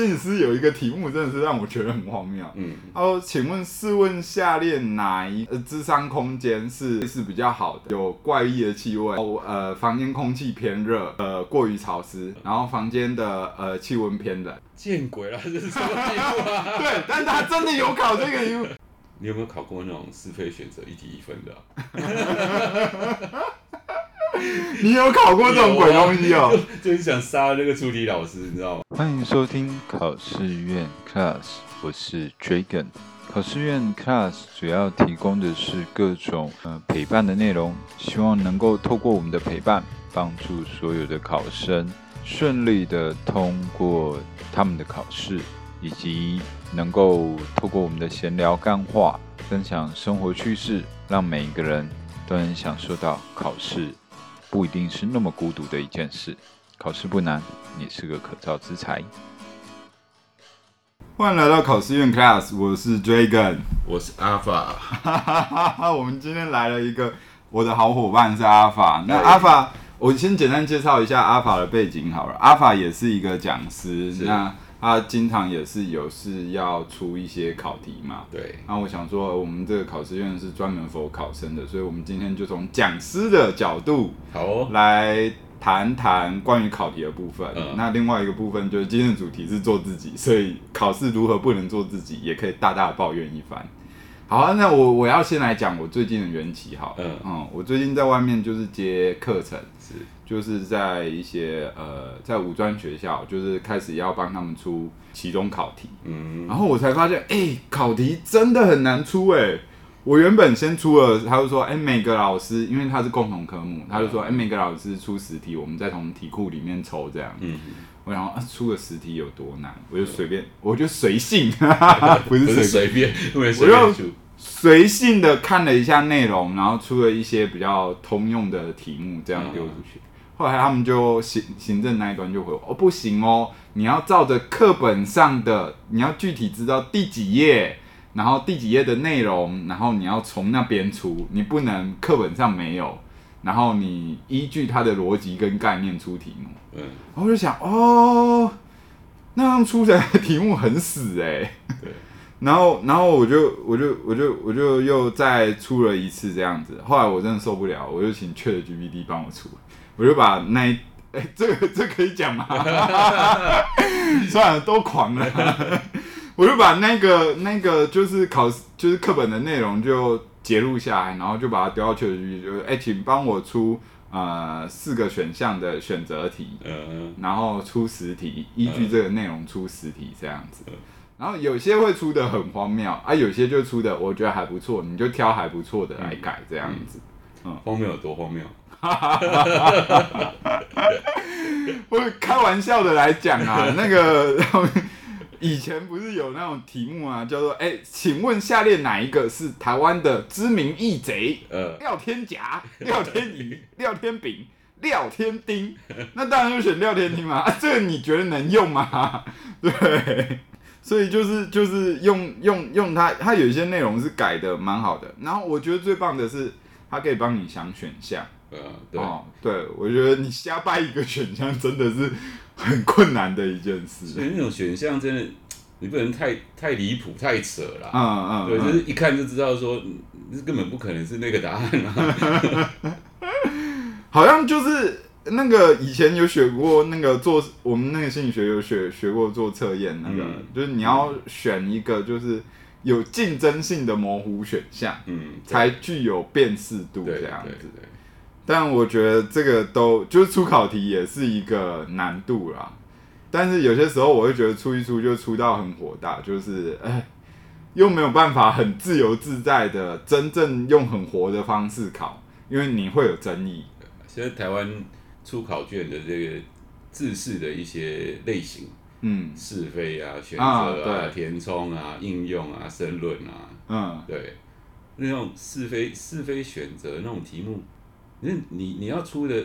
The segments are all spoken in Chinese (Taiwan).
其實有一個題目，真的是讓我覺得很荒謬。嗯，他說、啊：“請問試問下列哪一個諮商空間是是比較好的？有怪異的氣味然後，呃，房間空氣偏熱，呃，過於潮濕，然後房間的呃氣溫偏冷。”見鬼了，這是什麼、啊、 對，但是他真的有考這個題目。你有沒有考過那種是非選擇一題一分的、啊？ 你有考過這種鬼東西哦、啊啊啊？就是想殺那個出題老師，你知道嗎？歡迎收聽考試院 Class，我是 Dragon。考試院 Class 主要提供的是各種、呃、陪伴的內容，希望能夠透過我們的陪伴，幫助所有的考生順利的通過他們的考試，以及能夠透過我們的閒聊、幹話，分享生活趣事，讓每一個人都能享受到考試。不一定是那麼孤獨的一件事。考試不難，你是個可造之才。歡迎來到考試院 Class，我是 Dragon，我是阿法。哈哈哈！我們今天來了一個我的好夥伴是阿法。那阿法、嗯，我先簡單介紹一下阿法的背景好了。阿法也是一個講師。是那他、啊，經常也是有事要出一些考題嘛？對。那、啊，我想說，我們這個考試院是專門 for 考生的，所以我們今天就從講師的角度來談談關於考題的部分。哦、那另外一個部分就是，今天的主題是做自己，嗯、所以考試如何不能做自己，也可以大大抱怨一番。好、啊，那我我要先來講我最近的緣起好了。好、嗯，嗯，我最近在外面就是接課程。是。就是在一些呃，在五專學校，就是開始要幫他們出期中考題，嗯，然後我才發現，哎、欸，考題真的很難出哎、欸。我原本先出了，他就說，哎、欸，每個老師，因為他是共同科目，嗯、他就說，哎、欸，每個老師出十題，我們再從題庫裡面抽這樣。嗯，我想、啊、出個十題有多難，我就隨便，對我就隨性， 不是隨便，便我就隨性的看了一下內容，然後出了一些比較通用的題目，這樣丟出去。嗯後來他們就行行政，那一端就回我哦，不行哦，你要照着課本上的，你要具體知道第幾頁，然後第幾頁的內容，然後你要從那邊出，你不能課本上沒有，然後你依據它的邏輯跟概念出題目。嗯然、哦目欸 然、然後我就想哦，那樣出起來的題目很死哎。對。然後然後我就我就我就我就又再出了一次這樣子，後來我真的受不了，我就請 ChatGPT 幫我出。我就把那，哎、欸，這個、這個、可以講嗎？ 算了，都狂了。 我就把那個那個就是考試就是課本的內容就截錄下來，然後就把它丟到群裡，就哎、欸，請幫我出呃四個選項的選擇題，嗯、然後出十題，嗯、依據這個內容出十題這樣子。然後有些會出的很荒謬啊，有些就出的我覺得還不錯，你就挑還不錯的來改這樣子。嗯，嗯，荒謬有多荒謬？哈哈哈哈哈！不是 開玩笑的來講啊，那個以前不是有那種題目啊，叫做“哎、欸，請問下列哪一個是台灣的知名義賊？”嗯，廖天甲、廖天乙、廖天丙、廖天,天丁，那當然就選廖天丁嘛、啊。這個你覺得能用嗎？對，所以就是就是用用用它，它有一些內容是改的蠻好的。然後我覺得最棒的是，它可以幫你想選項。呃、uh, 哦，對，對我覺得你瞎掰一個選項真的是很困難的一件事。所以那種選項真的，你不能太太離譜、太扯了。嗯嗯，對，就是一看就知道說，根本不可能是那個答案。好像就是那個以前有學過那個做，我們那個心理學有學學過做測驗，那個、嗯、就是你要選一個就是有競爭性的模糊選項，嗯，才具有辨識度這樣子。對對對。但我覺得這個都就是出考題也是一個難度啦，但是有些時候我會覺得出一出就出到很火大，就是哎，又沒有辦法很自由自在的真正用很活的方式考，因為你會有爭議。現在台灣出考卷的這個制式的一些類型，嗯，是非啊、選擇啊、啊填充啊、應用啊、申論啊，嗯，對，那種是非是非選擇那種題目。你你你要出的，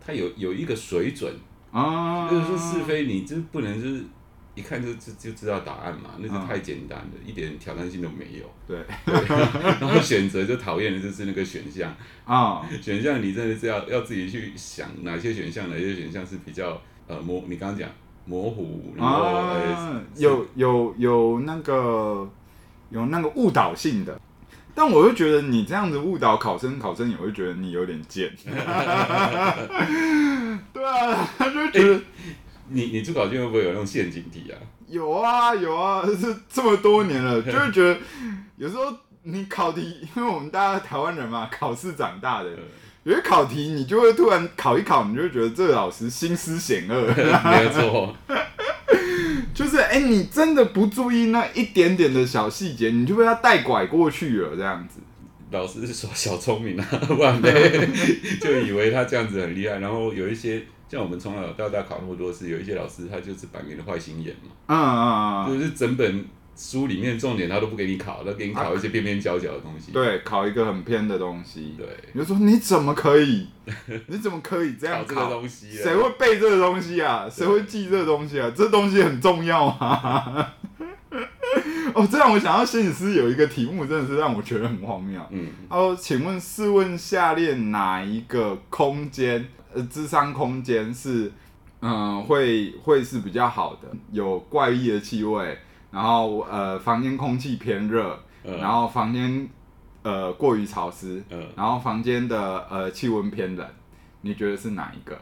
它有有一個水準，啊、哦，就是說是非，你就不能就是一看就就就知道答案嘛，那就太簡單了，哦、一點挑戰性都沒有。對，對 然後選擇就討厭的就是那個選項啊，哦、選項你真的是要要自己去想哪些選項，哪些選項是比較呃模，你剛剛講模糊，然後、哦、有有有那個有那個誤導性的。但我會覺得你這樣子誤導考生，考生也會覺得你有點賤。 對啊，他就覺得、欸、你你出考卷會不會有那種陷阱題啊？有啊有啊，是這麼多年了， 就會覺得有時候你考題，因為我們大家台灣人嘛，考試長大的， 有些考題你就會突然考一考，你就會覺得這個老師心思險惡。 沒錯錯。 就是哎、欸，你真的不注意那一點點的小細節，你就被他帶拐過去了，這樣子。老師是說小聰明啊不然 就以為他這樣子很厲害。然後有一些像我們從小到大考那麼多次，有一些老師他就是擺明了壞心眼嘛，嗯，嗯嗯嗯，就是整本。書裡面重點他都不給你考，他給你考一些邊邊角角的東西、啊。對，考一個很偏的東西。對，比如說你怎麼可以？ 你怎麼可以這樣考，考這個東西？誰會背這個東西啊？誰對會記這個東西啊？這東西很重要嗎？ 哦，這讓我想到心理師有一個題目，真的是讓我覺得很荒謬。嗯。他說：“請問，試問下列哪一個空間，呃，諮商空間是，嗯、呃，會會是比較好的？有怪異的氣味。”然後呃，房間空氣偏熱，嗯、然後房間呃過於潮濕，嗯、然後房間的呃氣溫偏冷，你覺得是哪一個？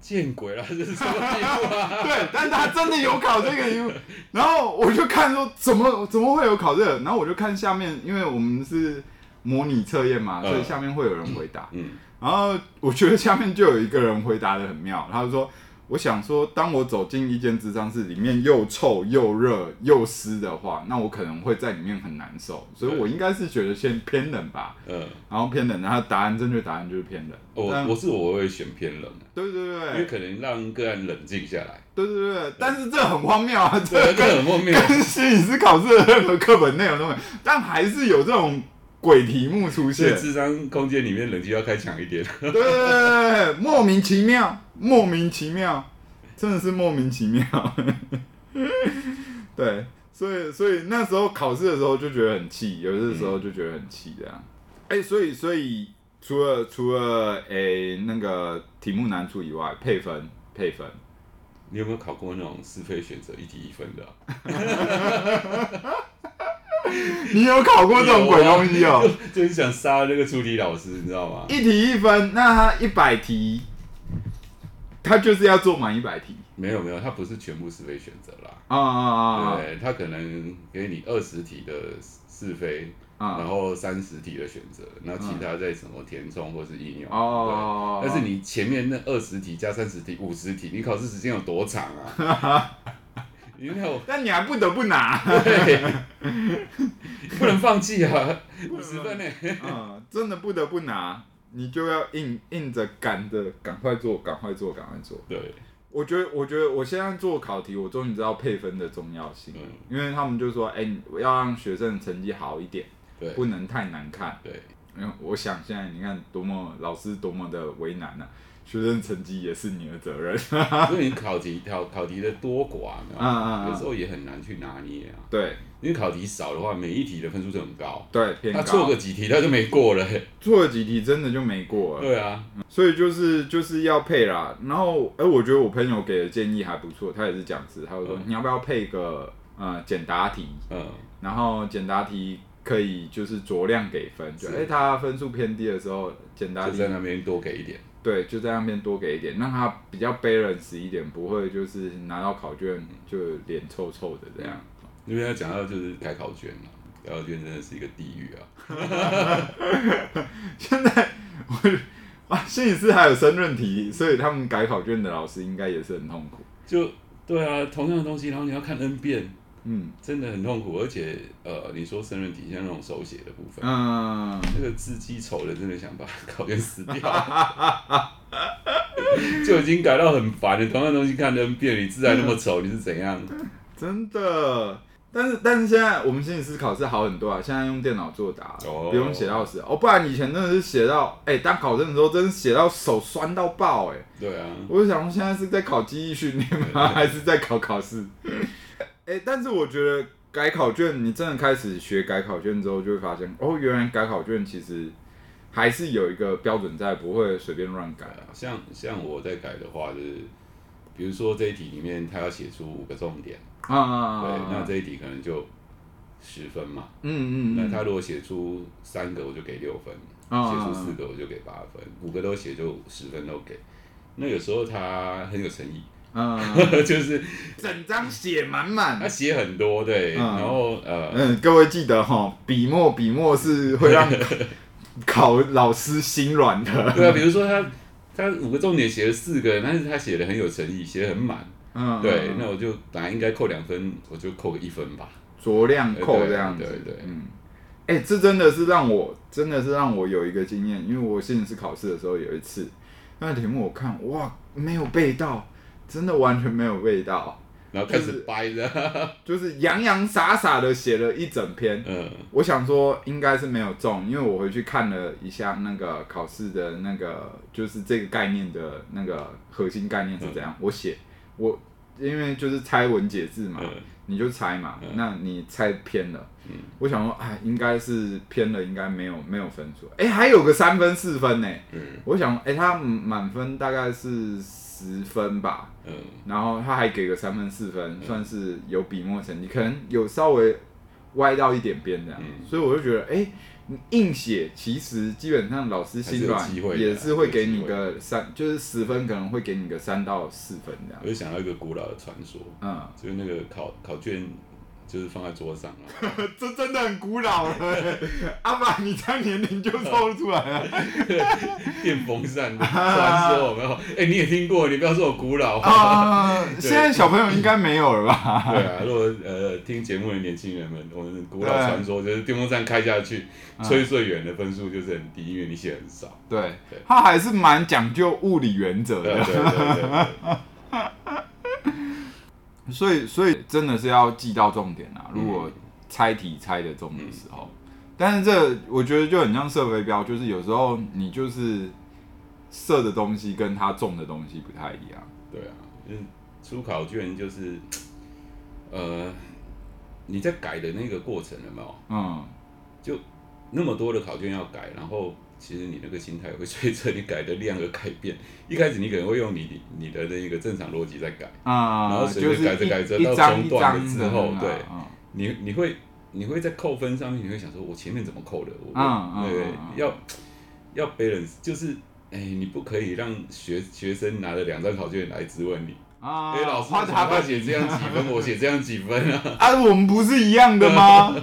見鬼了，這是什麼結果？ 對，但是他真的有考這個， 然後我就看說怎麼怎麼會有考這個，然後我就看下面，因為我們是模擬測驗嘛，所以下面會有人回答，嗯，然後我覺得下面就有一個人回答得很妙，他就說。我想說，當我走進一間諮商室，裡面又臭又熱又濕的話，那我可能會在裡面很難受，所以我應該是覺得先偏冷吧。嗯，然後偏冷，然後答案正確答案就是偏冷。我不但是我會選偏冷。對對對，因為可能讓個案冷靜下來。對對對，啊、但是這很荒謬啊！這啊真的很荒謬，跟心理師考試任何課本內容都沒。但還是有這種。鬼題目出現，智商空間裡面，冷氣要開強一點。 對,對,對,對，莫名其妙，莫名其妙，真的是莫名其妙。 對，所以所以那時候考試的時候就覺得很氣，有的時候就覺得很氣這樣。哎、嗯欸，所以所以除了除了誒、欸、那個題目難處以外，配分配分，你有沒有考過那種是非選擇一題一分的、啊？ 你有考過這種鬼東西哦、喔啊？就是想殺那個出題老師，你知道嗎？一題一分，那他一百題，他就是要做滿一百題。沒有沒有，他不是全部是非選擇啦。啊、哦哦哦哦哦、對，他可能給你二十題的是非，然後三十題的選擇，然後其他再什麼填充或是應用。哦，哦，哦，哦，哦！但是你前面那二十題加三十題五十題，你考試時間有多長啊？ 但你還不得不拿，對呵呵，不能放棄啊，五 十分呢、欸嗯。真的不得不拿，你就要硬硬着趕着，趕快做，趕快做，趕快做。對，我覺得，我覺得，我現在做考題，我終於知道配分的重要性，對因為他們就說，哎、欸，要讓學生成績好一點，對不能太難看，對。因為我想現在你看，多麼老師多麼的為難呢、啊。學生成績也是你的責任，因 為你考題考考題的多寡，啊啊啊，有、嗯嗯嗯、時候也很難去拿捏啊。對，因為考題少的話，每一題的分數就很高。對，偏高。他錯個幾題，他就沒過了、欸。錯了幾題，真的就沒過了。對啊、嗯，所以就是就是要配啦。然後，哎、欸，我覺得我朋友給的建議還不錯，他也是講師，他會說、嗯、你要不要配一個呃、嗯、簡答題，嗯，然後簡答題可以就是酌量給分，所哎是、欸、他分數偏低的時候，簡答題就在那邊多給一點。嗯對，就在那邊多給一點，讓他比較 balance 一點，不會就是拿到考卷就臉臭臭的這樣。因為要講到就是改考卷嘛，改考卷真的是一個地獄啊！ 現在我啊，心理師還有申論題，所以他們改考卷的老師應該也是很痛苦。就對啊，同樣的東西，然後你要看 n 遍。嗯，真的很痛苦，而且呃，你說申論題底下那種手寫的部分，嗯，那個字跡醜的，真的想把考卷撕掉， 就已經改到很煩，你同樣東西看 N 遍，你字還那麼醜，嗯、你是怎樣？真的，但是但是現在我們心理師考試好很多啊，現在用電腦作答，哦、不用寫到死哦，不然以前真的是寫到，哎、欸，當考生的時候，真的寫到手酸到爆、欸，哎，對啊，我就想，說現在是在考記憶訓練嗎？對對對還是在考考試？對對對哎，但是我覺得改考卷，你真的開始學改考卷之後，就會發現哦，原來改考卷其實還是有一個標準在，不會隨便亂改啊。像像我在改的話，就是比如說這一題裡面，他要寫出五個重點啊,啊,啊,啊,啊，對，那這一題可能就十分嘛，嗯嗯嗯，那他如果寫出三個，我就給六分；啊啊啊啊寫出四個，我就給八分；五個都寫就十分都給。那有時候他很有誠意。嗯， 就是整張寫滿滿，他寫很多，對，然後、嗯、呃，嗯，各位記得哈，筆墨筆墨是會讓考， 考老師心軟的，對啊，比如說他他五個重點寫了四個，但是他寫的很有誠意，寫的很滿，嗯，對，嗯、那我就本來、啊、應該扣兩分，我就扣個一分吧，酌量扣這樣子，對，對，對，嗯，哎、欸，這真的是讓我真的是讓我有一個經驗，因為我現在是考試的時候有一次，那題目我看哇，沒有背到。真的完全沒有味道，然後開始掰的，就是，就是洋洋灑灑的寫了一整篇。嗯、我想說應該是沒有中，因為我回去看了一下那個考試的那個，就是這個概念的那個核心概念是怎樣。嗯、我寫我因為就是猜文解字嘛，嗯、你就猜嘛，嗯、那你猜偏了。嗯、我想說哎，應該是偏了，應該沒有沒有分數。哎、欸，還有個三分四分呢，欸。嗯、我想哎、欸，他滿分大概是。十分吧，嗯，然後他還給個三分四分，嗯、算是有筆墨成績，你可能有稍微歪到一點邊這樣，嗯、所以我就覺得，哎，你硬寫其實基本上老師心軟也是會給你個三，是啊、就是十分可能會給你個三到四分這樣。我就想到一個古老的傳說，嗯，就是那個考考卷，就是放在桌上了 這真的很古老了。 阿爸，你這樣年齡就抽出來了？ 電風扇的傳說，沒有？哎、啊欸，你也聽過？你不要說我古老啊。現在小朋友應該沒有了吧？ 對啊，如果呃聽節目的年輕人們，我們古老傳說、欸、就是電風扇開下去吹最遠的分數就是很低，啊、因為你寫很少。對，對他還是蠻講究物理原則的。所以，所以真的是要記到重點啊。如果猜題猜的中的時候，嗯嗯嗯、但是這我覺得就很像射飛鏢，就是有時候你就是射的東西跟它中的東西不太一樣。對啊，就是出考卷就是，呃，你在改的那個過程了沒有？嗯，就那麼多的考卷要改，然後。其實你那個心態會隨着你改的量而改變。一開始你可能會用你你的那一個正常邏輯在改，啊、嗯，然後隨着改着改着到中段了之後，對，你你會你會在扣分上面你會想說，我前面怎麼扣的？我，嗯、對，嗯、要、嗯、要 balance，就是哎、欸，你不可以讓學學生拿着兩張考卷來質問你，啊、嗯，因、欸、老師他他寫這樣幾分， 我寫這樣幾分啊，啊，我們不是一樣的嗎？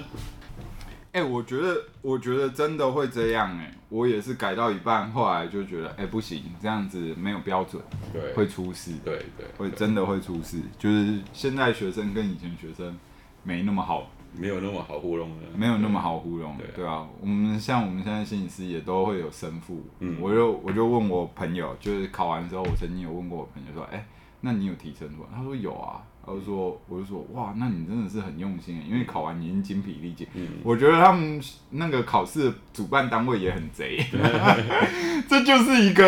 哎、嗯 欸，我覺得。我覺得真的會這樣誒、欸，我也是改到一半，後來就覺得誒，欸、不行，這樣子沒有標準，對會出事，對對，對會真的會出事。就是現在學生跟以前學生沒那麼好，對嗯、沒有那麼好糊弄的，沒有那麼好糊弄。對啊，我們像我們現在心理師也都會有生父，對我就我就問我朋友，就是考完之後，我曾經有問過我朋友說，誒、欸。那你有提申覆？他說有啊。他就說，我就說，哇，那你真的是很用心誒、欸，因為考完你已經精疲力竭。嗯、我覺得他們那個考試主辦單位也很賊，對 這就是一個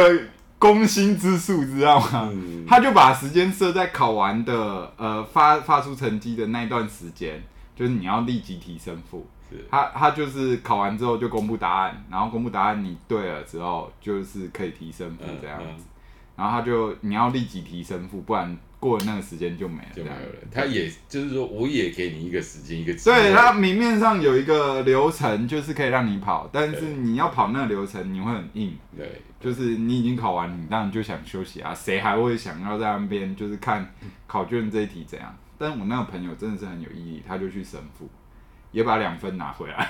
攻心之術，知道嗎？嗯、他就把時間設在考完的，呃，發發出成績的那一段時間，就是你要立即提申覆。是他他就是考完之後就公布答案，然後公布答案你對了之後，就是可以提申覆這樣子。嗯嗯然後他就，你要立即提申覆，不然過了那個時間就沒了，就沒有了。他也就是說，我也給你一個時間，一個對。他明面上有一個流程，就是可以讓你跑，但是你要跑那個流程，你會很硬。對，對對，就是你已經考完，你當然就想休息啊，誰還會想要在那邊就是看考卷這一題怎樣？但我那個朋友真的是很有意義，他就去申覆，也把兩分拿回來。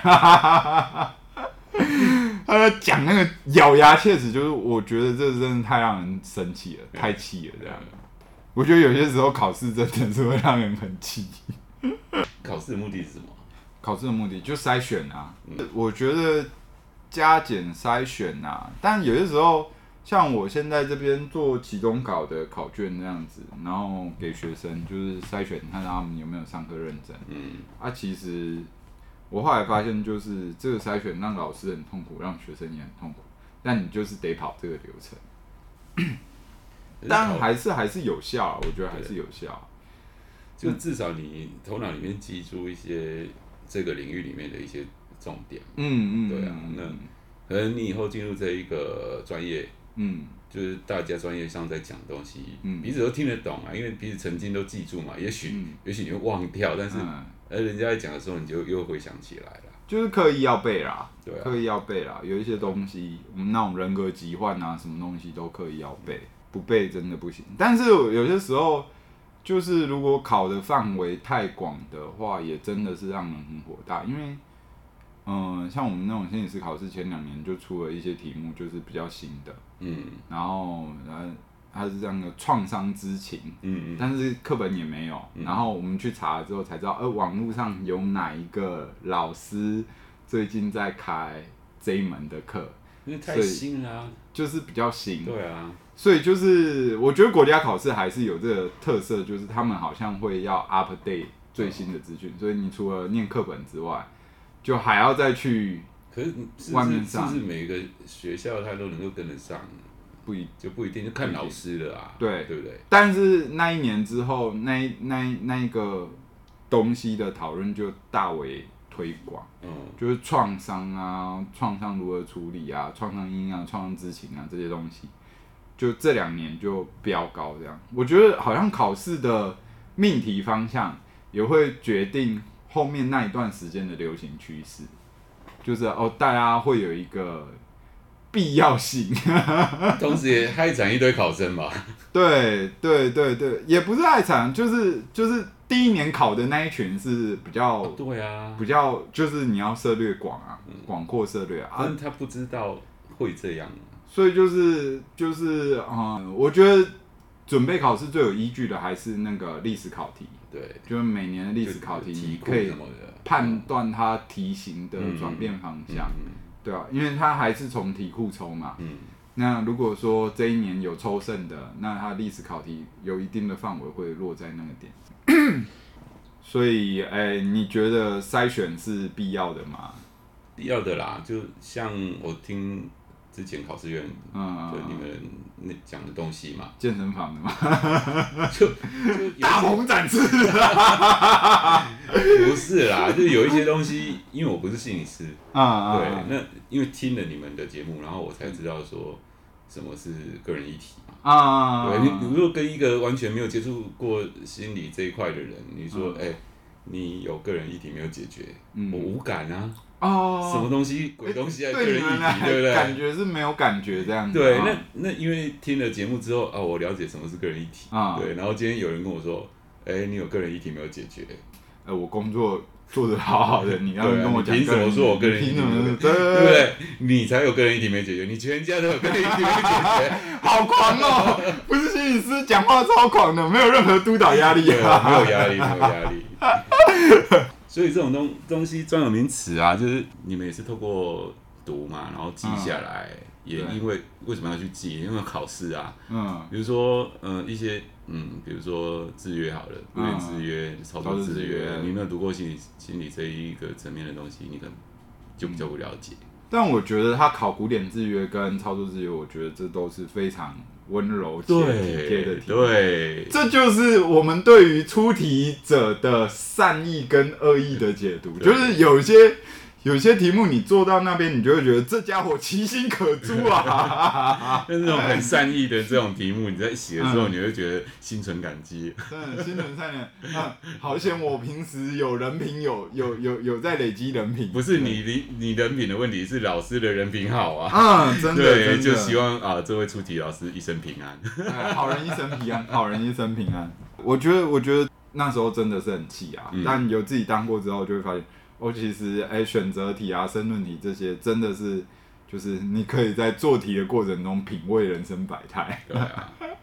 呃，講那個咬牙切齒，就是我覺得這真的太讓人生氣了，嗯、太氣了這樣。嗯、我覺得有些時候考試真的是會讓人很氣。考試的目的是什麼？考試的目的就篩選啊。嗯、我覺得加減篩選啊，但有些時候像我現在這邊做期中考的考卷這樣子，然後給學生就是篩選，看看他們有沒有上課認真。嗯，啊，其實。我後來發現，就是這個篩選讓老師很痛苦，讓學生也很痛苦。但你就是得跑這個流程， 但還是還是有效，啊，我覺得還是有效，啊。就至少你頭腦裡面記住一些這個領域裡面的一些重點。嗯嗯。嗯對啊，嗯、那可能你以後進入這一個專業，嗯，就是大家專業上在講東西，嗯，彼此都聽得懂啊，因為彼此曾經都記住嘛。也許、嗯、也許你會忘掉，但是。而人家在講的時候，你就又回想起來了，就是刻意要背啦，對啊，刻意要背啦。有一些東西，我們那種人格疾患啊，什麼東西都刻意要背，不背真的不行。但是有些時候，就是如果考的範圍太廣的話，也真的是讓人很火大。因為，嗯，呃，像我們那種心理師考試，前兩年就出了一些題目，就是比較新的，嗯，嗯，然後來，然它是這樣的創傷之情，嗯，但是課本也沒有。嗯、然後我們去查了之後才知道，嗯、呃，網絡上有哪一個老師最近在開這一門的課？因為太新了、啊，就是比較新。對啊，所以就是我覺得國家考試還是有這個特色，就是他們好像會要 update 最新的資訊，嗯、所以你除了念課本之外，就還要再去外面上。可是，是不是，是不是每一個學校他都能夠跟得上？嗯不一就不一定，就看老師的啊，對，對不對？但是那一年之後，那那那一個東西的討論就大為推廣，嗯，就是創傷啊，創傷如何處理啊，創傷陰影啊，創傷知情啊這些東西，就這兩年就飆高，這樣。我覺得好像考試的命題方向也會決定後面那一段時間的流行趨勢，就是哦，大家會有一個。必要性， 同時也害慘一堆考生吧。對對對對，也不是害慘，就是就是第一年考的那一群是比較啊對啊，比較就是你要涉獵廣啊，嗯、廣闊涉獵啊。但他不知道會這樣、啊，所以就是就是啊、嗯，我覺得準備考試最有依據的還是那個歷史考題，對，就每年的歷史考題你可以判斷它題型的轉變方向。對啊，因為他還是從題庫抽嘛。嗯，那如果說這一年有抽剩的，那他歷史考題有一定的範圍會落在那個點。 所以，哎、欸，你覺得篩選是必要的嗎？必要的啦，就像我聽。之前考試院，對你們那講的東西嘛，健身房的嘛，就就大鵬展翅，不是啦，就有一些東西，因為我不是心理師啊，對，那因為聽了你們的節目，然後我才知道說什麼是個人議題啊，對，你比如說跟一個完全沒有接觸過心理這一塊的人，你說哎，你有個人議題沒有解決，我無感啊。哦，什麼東西鬼東西啊？個人議題，對不對？感覺是沒有感覺這樣子。對，那那因為聽了節目之後啊，我了解什麼是個人議題啊。對，然後今天有人跟我說，哎，你有個人議題沒有解決？哎，我工作做得好好的，你要跟我講憑什麼說我個人議題？對對對，你才有個人議題沒解決，你全家都有個人議題沒解決，好狂哦！不是心理師講話超狂的，沒有任何督導壓力啊，沒有壓力，沒有壓力。所以這種東東西專有名詞啊，就是你們也是透過讀嘛，然後記下來，嗯、也因為為什麼要去記？嗯、因為考試啊。嗯。比如說，嗯、呃，一些嗯，比如說制約好了，嗯、古典制約、操作制約，制約你沒有讀過心理心理這一個層面的東西，你可能就比較不了解。嗯、但我覺得他考古典制約跟操作制約，我覺得這都是非常。溫柔且體貼的，對，這就是我們對於出題者的善意跟惡意的解讀，就是有一些。有些題目你做到那邊，你就會覺得這家伙其心可誅啊！像 這種很善意的這種題目，你在寫的時候，嗯、你就會覺得心存感激。真的、嗯，心存善良、嗯。好險，我平時有人品有，有有有有在累積人品。不是你你人品的問題，是老師的人品好啊。嗯，真的，對真的就希望啊，這位出題老師一生平安、嗯。好人一生平安，好人一生平安。我覺得，我覺得那時候真的是很氣啊！嗯、但有自己當過之後，就會發現。我其實誒、欸，選擇題啊、申論題這些，真的是就是你可以在做題的過程中品味人生百態、對啊。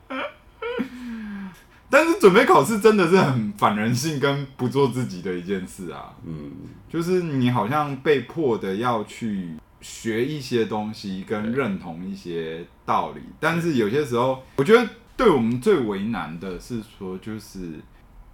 但是準備考試真的是很反人性、跟不做自己的一件事啊。嗯，就是你好像被迫的要去學一些東西，跟認同一些道理。但是有些時候，我覺得對我們最為難的是說，就是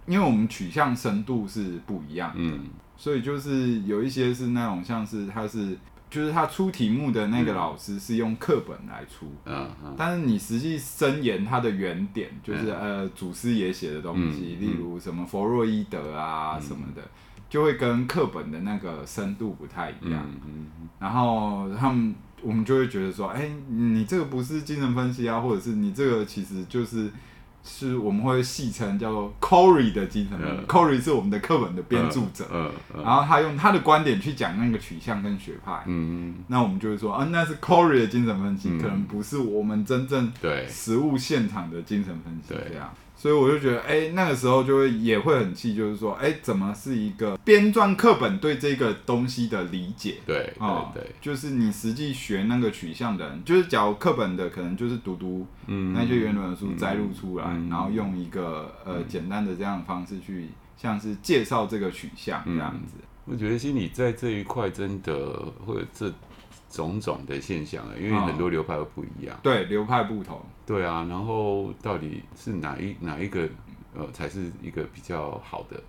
因為我們取向深度是不一樣的、嗯。所以就是有一些是那種像是他是，就是他出題目的那個老師是用課本來出，嗯嗯嗯，但是你實際深研他的原點，就是、嗯、呃祖師爺寫的東西，嗯嗯、例如什麼弗洛伊德啊、嗯、什麼的，就會跟課本的那個深度不太一樣。嗯嗯嗯、然後他們我們就會覺得說，哎、欸，你這個不是精神分析啊，或者是你這個其實就是。是我們會戲稱叫做 Corey 的精神分析，uh，Corey 是我們的課本的編著者，uh, uh, uh, 然後他用他的觀點去講那個取向跟學派，嗯、那我們就會說，啊、呃，那是 Corey 的精神分析，嗯、可能不是我們真正對實務現場的精神分析這樣。對所以我就覺得，哎、欸，那個時候就會也會很氣，就是說，哎、欸，怎麼是一個編撰課本對這個東西的理解？對，啊，對、嗯，就是你實際學那個取向的人，就是假如課本的，可能就是讀讀那些原文書摘錄出來，嗯、然後用一個呃簡單的這樣的方式去，像是介紹這個取向這樣子、嗯。我覺得心理在這一塊真的或者這。種種的現象啊，因為很多流派都不一樣。嗯、對，流派不同。對啊，然後到底是哪一哪一個呃才是一個比較好的？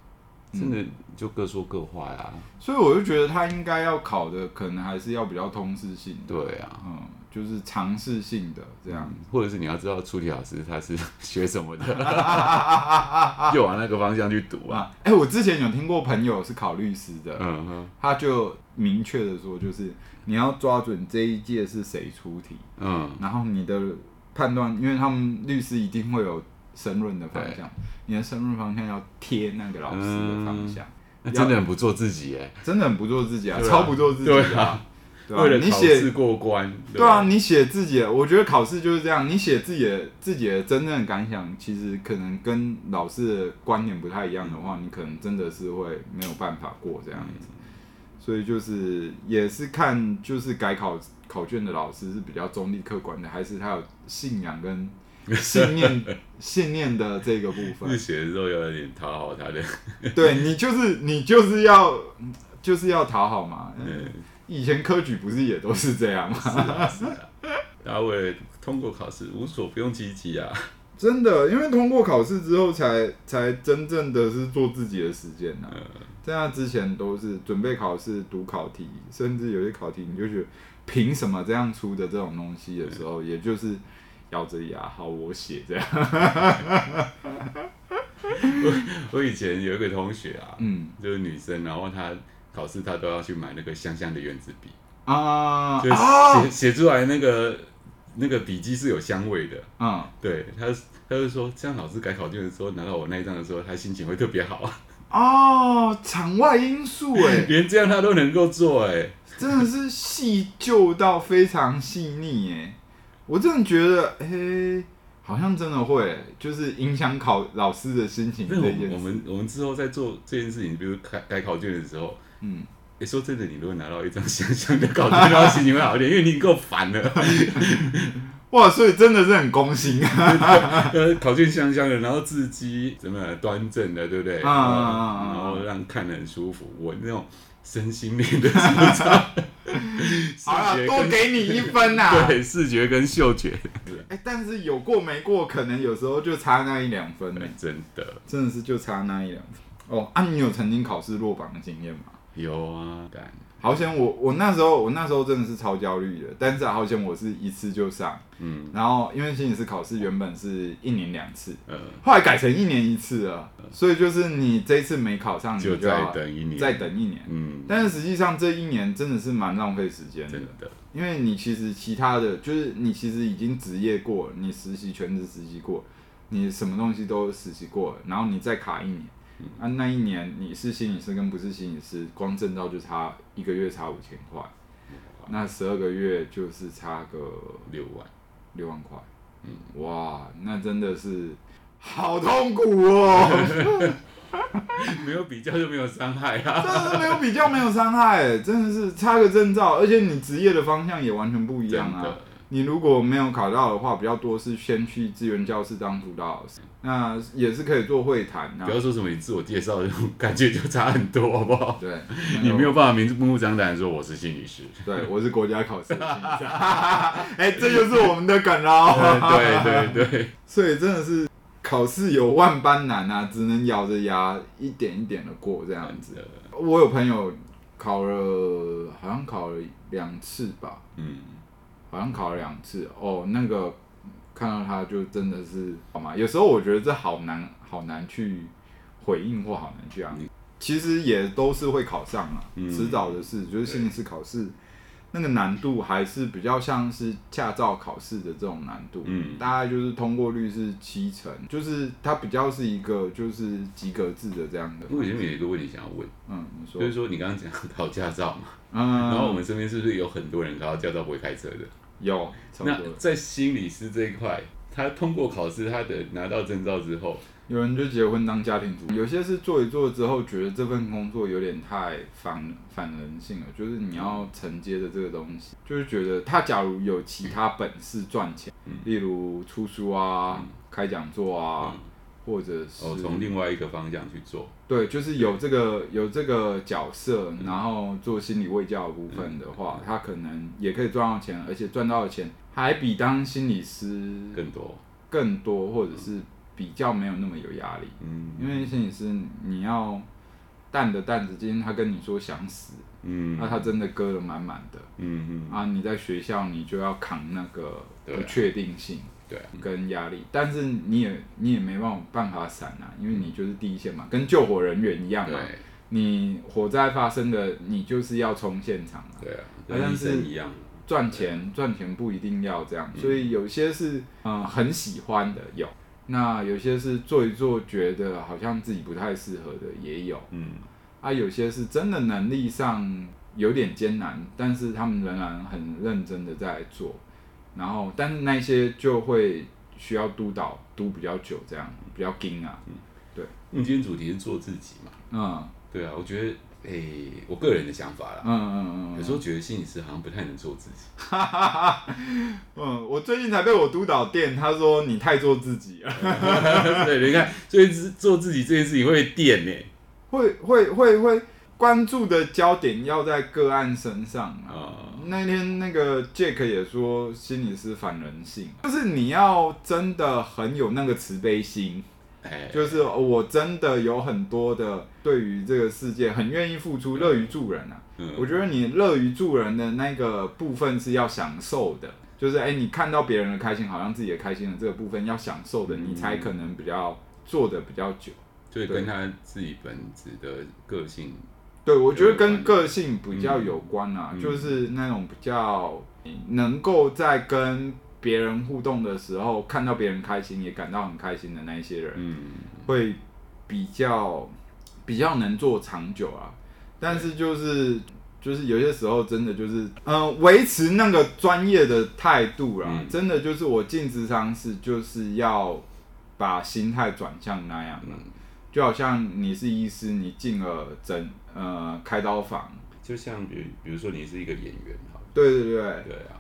真的就各說各話呀、嗯。所以我就覺得他應該要考的，可能還是要比較通識性的。對啊，嗯，就是嘗試性的這樣子，或者是你要知道出題老師他是學什麼的， 就往那個方向去讀啊。哎、啊欸，我之前有聽過朋友是考律師的，嗯哼，他就明確的說就是。嗯你要抓準這一屆是誰出題，嗯，然後你的判斷，因為他們律師一定會有申論的方向，你的申論方向要貼那個老師的方向，真的很不做自己耶，真的很不做自己啊，超不做自己啊，為了考試過關，對啊，你寫自己的，我覺得考試就是這樣，你寫自己的自己的真正的感想，其實可能跟老師的觀點不太一樣的話，你可能真的是會沒有辦法過這樣。所以就是也是看，就是改考考卷的老師是比較中立客觀的，還是他有信仰跟信念 信念的這個部分。寫的時候要有點討好他的對。對你就是你就是要就是要討好嘛。 嗯，以前科舉不是也都是這樣嗎？ 是、啊、是啊、啊、然後為通過考試無所不用其極啊！真的，因為通過考試之後才，才才真正的是做自己的時間呢、啊。嗯現在之前都是準備考試、讀考題，甚至有些考題你就覺得憑什麼這樣出的這種東西的時候，對也就是咬着牙好我寫這樣。 我我以前有一個同學啊，嗯，就是女生，然後她考試她都要去買那個香香的原子筆啊，就寫、啊、寫出來那個那個筆記是有香味的，嗯，對，她她就說這樣老師改考卷的時候拿到我那一張的時候，她心情會特別好哦，oh, 場外因素哎、欸，連這樣他都能夠做哎，真的是細就到非常細膩哎， 我真的覺得哎、欸，好像真的會，就是影響考老師的心情。那我我們我們，我們之後在做這件事情，比如改改考卷的時候，嗯，哎、欸，說真的，你如果拿到一張香香的考卷，那心情會好一點， 因為你夠煩了。 哇所以真的是很攻心啊！呃， 考卷香香的，然後字跡怎麼端正的，對不對？啊然後,然後讓看得很舒服。我那種身心靈的欣賞， 好啊 跟多給你一分吶、啊！對，視覺跟嗅覺。哎、欸，但是有過沒過，可能有時候就差那一兩分。真的，真的是就差那一兩分。哦，啊，你有曾經考試落榜的經驗嗎？有啊，敢。好險我我那時候我那時候真的是超焦慮的，但是好險我是一次就上。嗯，然後因為心理師考試原本是一年兩次，呃、嗯，後來改成一年一次了，嗯、所以就是你這一次沒考上，就再等一年，再等一年。嗯，但是實際上這一年真的是蠻浪費時間的，的因為你其實其他的就是你其實已經職業過，你實習全職實習過，你什麼東西都實習過了，然後你再卡一年。啊、那一年你是心理師跟不是心理師，光證照就差一個月差五千塊，那十二個月就是差個六萬六萬塊。嗯、哇，那真的是好痛苦哦、喔， 沒有比較就沒有傷害啊，真的是沒有比較沒有傷害、欸，真的是差個證照，而且你職業的方向也完全不一樣啊。你如果沒有考到的話，比較多是先去資源教室當輔導老師，那也是可以做會談、啊，不要說什麼你自我介紹，那種感覺就差很多，好不好？對，那個，你沒有辦法明目張膽說我是心理師，對，我是國家考試的心理師。哎，， 欸，這就是我們的梗了。對 對對，對對對，所以真的是考試有萬般難啊，只能咬着牙一點一點的過這樣子。我有朋友考了，好像考了兩次吧，嗯。好像考了兩次哦，那個看到他就真的是好嗎？有時候我覺得這好難，好難去回應或好難去啊。嗯、其實也都是會考上嘛，遲早的事。就是心理師考試對那個難度還是比較像是駕照考試的這種難度，嗯，大概就是通過率是七成，就是它比較是一個就是及格制的這樣的。我其實有一個問題想要問，嗯，你說，就是說你剛剛講考駕照嘛？嗯，然後我們身邊是不是有很多人，然後駕照不會開車的？有。那在心理師這一塊，他通過考試，他得拿到證照之後，有人就結婚當家庭主婦，有些是做一做之後，覺得這份工作有點太反人反人性了，就是你要承接的這個東西，就是覺得他假如有其他本事賺錢，例如出書啊、嗯、開講座啊。嗯或者是哦，從另外一個方向去做。對，就是有這個有這個角色，對然後做心理衛教的部分的話，嗯、他可能也可以賺到錢，而且賺到的錢還比當心理師更多更多，或者是比較沒有那麼有壓力。嗯，因為心理師你要擔的擔子，今天他跟你說想死，嗯，那、啊、他真的割了滿滿的。嗯嗯啊，你在學校你就要扛那個不確定性。對，跟壓力，但是你也你也沒辦法辦法閃啊，因為你就是第一線嘛，跟救火人員一樣嘛。對你火災發生的，你就是要衝現場嘛。對啊，好對像是一樣。賺錢賺錢不一定要這樣，所以有些是對嗯，嗯很喜歡的有，那有些是做一做覺得好像自己不太適合的也有。嗯。啊，有些是真的能力上有點艱難，但是他們仍然很認真的在做。然後，但是那些就會需要督導督比較久，這樣比較精啊。嗯，對。今天主題是做自己嘛。嗯，對啊。我覺得，誒、欸，我個人的想法啦。嗯嗯，嗯嗯嗯。有時候覺得心理師好像不太能做自己。哈哈哈！嗯，我最近才被我督導電，他說你太做自己啊。哈 對， 你看，所以是做自己這些事情會電呢？欸，會會會會關注的焦點要在個案身上啊。嗯那天那個 Jack 也說，心裡是反人性，就是你要真的很有那個慈悲心，就是我真的有很多的對於這個世界很願意付出、樂於助人啊。我覺得你樂於助人的那個部分是要享受的，就是哎、欸，你看到別人的開心，好像自己也開心的這個部分要享受的，你才可能比較做得比較久。嗯、對，跟他自己本質的個性。對，我覺得跟個性比較有關啊，嗯、就是那種比較能夠在跟別人互動的時候看到別人開心，也感到很開心的那一些人，會比較比較能做長久啊。但是就是就是有些時候真的就是，嗯、呃，維持那個專業的態度啦、啊，嗯、真的就是我鏡智商是就是要把心態轉向那樣的，嗯、就好像你是醫師，你進了診。呃，開刀房就像比如比如說你是一個演員，對對對，對啊，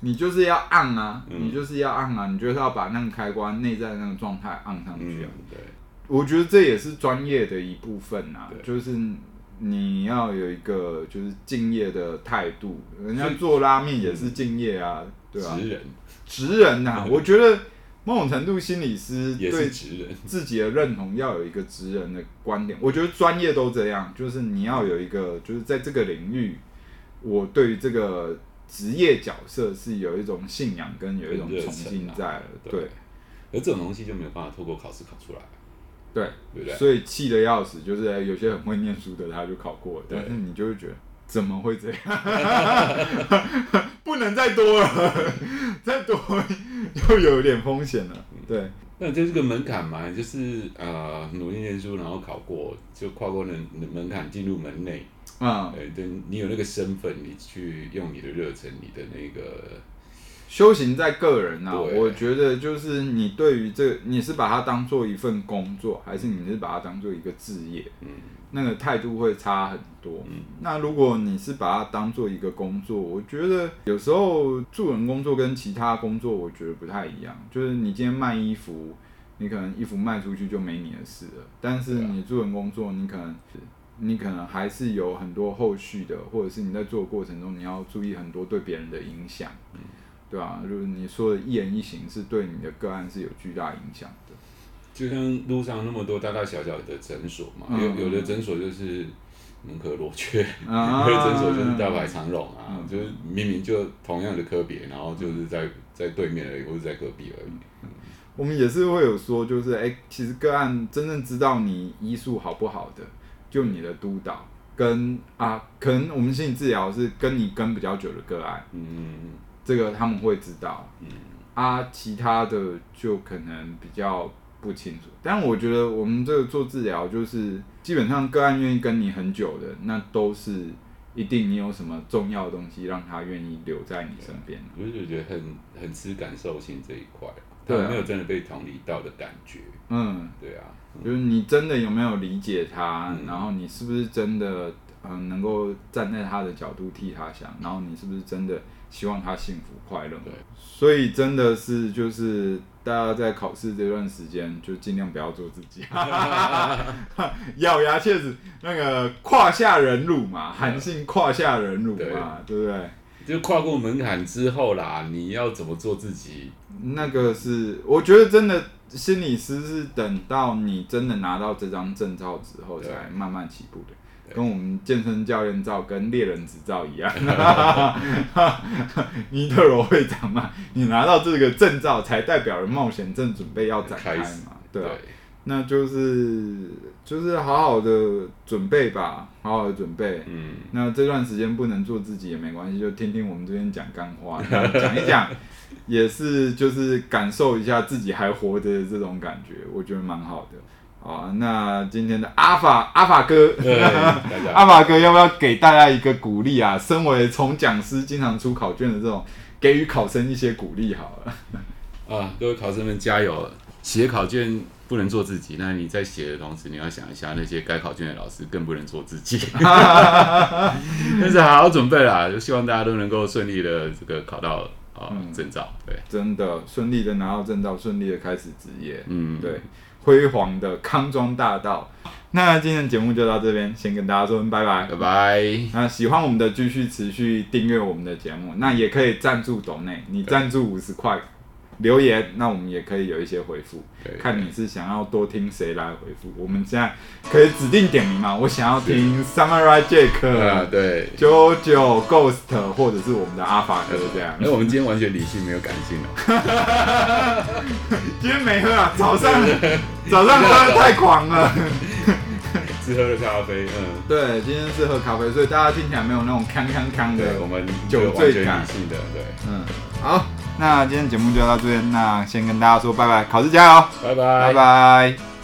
你就是要按啊，嗯、你就是要按啊，你就是要把那個開關內在那個狀態按上去啊。嗯、我覺得這也是專業的一部分啊，對就是你要有一個就是敬業的態度，人家做拉麵也是敬業啊，嗯、對啊，職人，職人啊， 我覺得。某種程度，心理師對自己的認同要有一個職人的觀點。我覺得專業都這樣，就是你要有一個，就是在這個領域，我對於這個職業角色是有一種信仰跟有一種崇敬，在了。對，而這種東西就沒有辦法透過考試考出來。對，所以氣得要死，就是有些很會念書的，他就考過，但是你就會覺得怎麼會這樣？ 不能再多了，再多。又 有一點風險了，對、嗯，那這是個門檻嘛，就是呃，努力念書，然後考過，就跨過門門檻，進入門內，啊、嗯，對你有那個身份，你去用你的熱忱，你的那個修行，在個人啊。對我覺得就是你對於這，你是把它當做一份工作，還是你是把它當做一個職業？嗯。那個態度會差很多。嗯、那如果你是把它當做一個工作，我覺得有時候助人工作跟其他工作我覺得不太一樣。就是你今天賣衣服，你可能衣服賣出去就沒你的事了；但是你助人工作，你可能是你可能還是有很多後續的，或者是你在做過程中你要注意很多對別人的影響，嗯、對吧、啊？就是你說的一言一行是對你的個案是有巨大影響。就像路上那麼多大大小小的診所嘛，有、嗯、有的診所就是門可羅雀，嗯、有的診所就是大排長龍啊，嗯、就是明明就同樣的科別，然後就是在、嗯、在對面而已，或者在隔壁而已。我們也是會有說，就是誒、欸，其實個案真正知道你醫術好不好的，的就你的督導跟啊，可能我們心理治療是跟你跟比較久的個案，嗯，這個他們會知道，嗯、啊，其他的就可能比較不清楚，但我覺得我們這個做治療，就是基本上個案願意跟你很久的，那都是一定你有什麼重要的東西讓他願意留在你身邊的。對啊，我就覺得很很吃感受性這一塊，他有沒有真的被同理到的感覺。嗯，對啊，嗯、對啊，就是你真的有沒有理解他，嗯、然後你是不是真的嗯能夠站在他的角度替他想，然後你是不是真的。希望他幸福快樂。所以真的是，就是大家在考試這段時間，就盡量不要做自己， 咬牙切齒，那個胯下忍辱嘛，韓信胯下忍辱嘛，對，對不對？就跨過門檻之後啦，你要怎麼做自己？那個是，我覺得真的，心理師是，是等到你真的拿到這張證照之後，才慢慢起步的。跟我們健身教練照，跟獵人執照一樣，哈，尼特羅會長嘛，你拿到這個證照才代表了冒險正準備要展開嘛，對，對，那就是就是好好的準備吧，好好的準備，嗯，那這段時間不能做自己也沒關係，就聽聽我們這邊講幹話，講一講， 也是就是感受一下自己還活着的這種感覺，我覺得蠻好的。好、啊，那今天的阿法阿法哥，阿法哥，對 阿法哥要不要給大家一個鼓勵啊？身為從講師經常出考卷的這種，給予考生一些鼓勵好了。啊，各位考生們加油！寫考卷不能做自己，那你在寫的同時，你要想一下那些改考卷的老師，更不能做自己。 但是好好準備啦，就希望大家都能夠順利的這個考到啊證、哦嗯、照。對，真的順利的拿到證照，順利的開始職業。嗯，對。輝煌的康莊大道，那今天的節目就到這邊，先跟大家說拜拜，拜拜。那喜歡我們的，繼續持續訂閱我們的節目，那也可以贊助斗內，你贊助五十塊留言，那我們也可以有一些回復，對看你是想要多聽誰來回復。對我們現在可以指定點名嘛？我想要聽 Samurai Jack 啊，對，九九 Ghost 或者是我們的阿法哥這樣。那我們今天完全理性，沒有感性了 今天沒喝啊，早上早上喝得太狂了，只 喝了咖啡。嗯，對，今天是喝咖啡，所以大家聽起來沒有那種康康康的，我們酒醉感性的，對，嗯，好。那今天節目就到這邊，那先跟大家說拜拜，考試加油，拜拜，拜拜。拜拜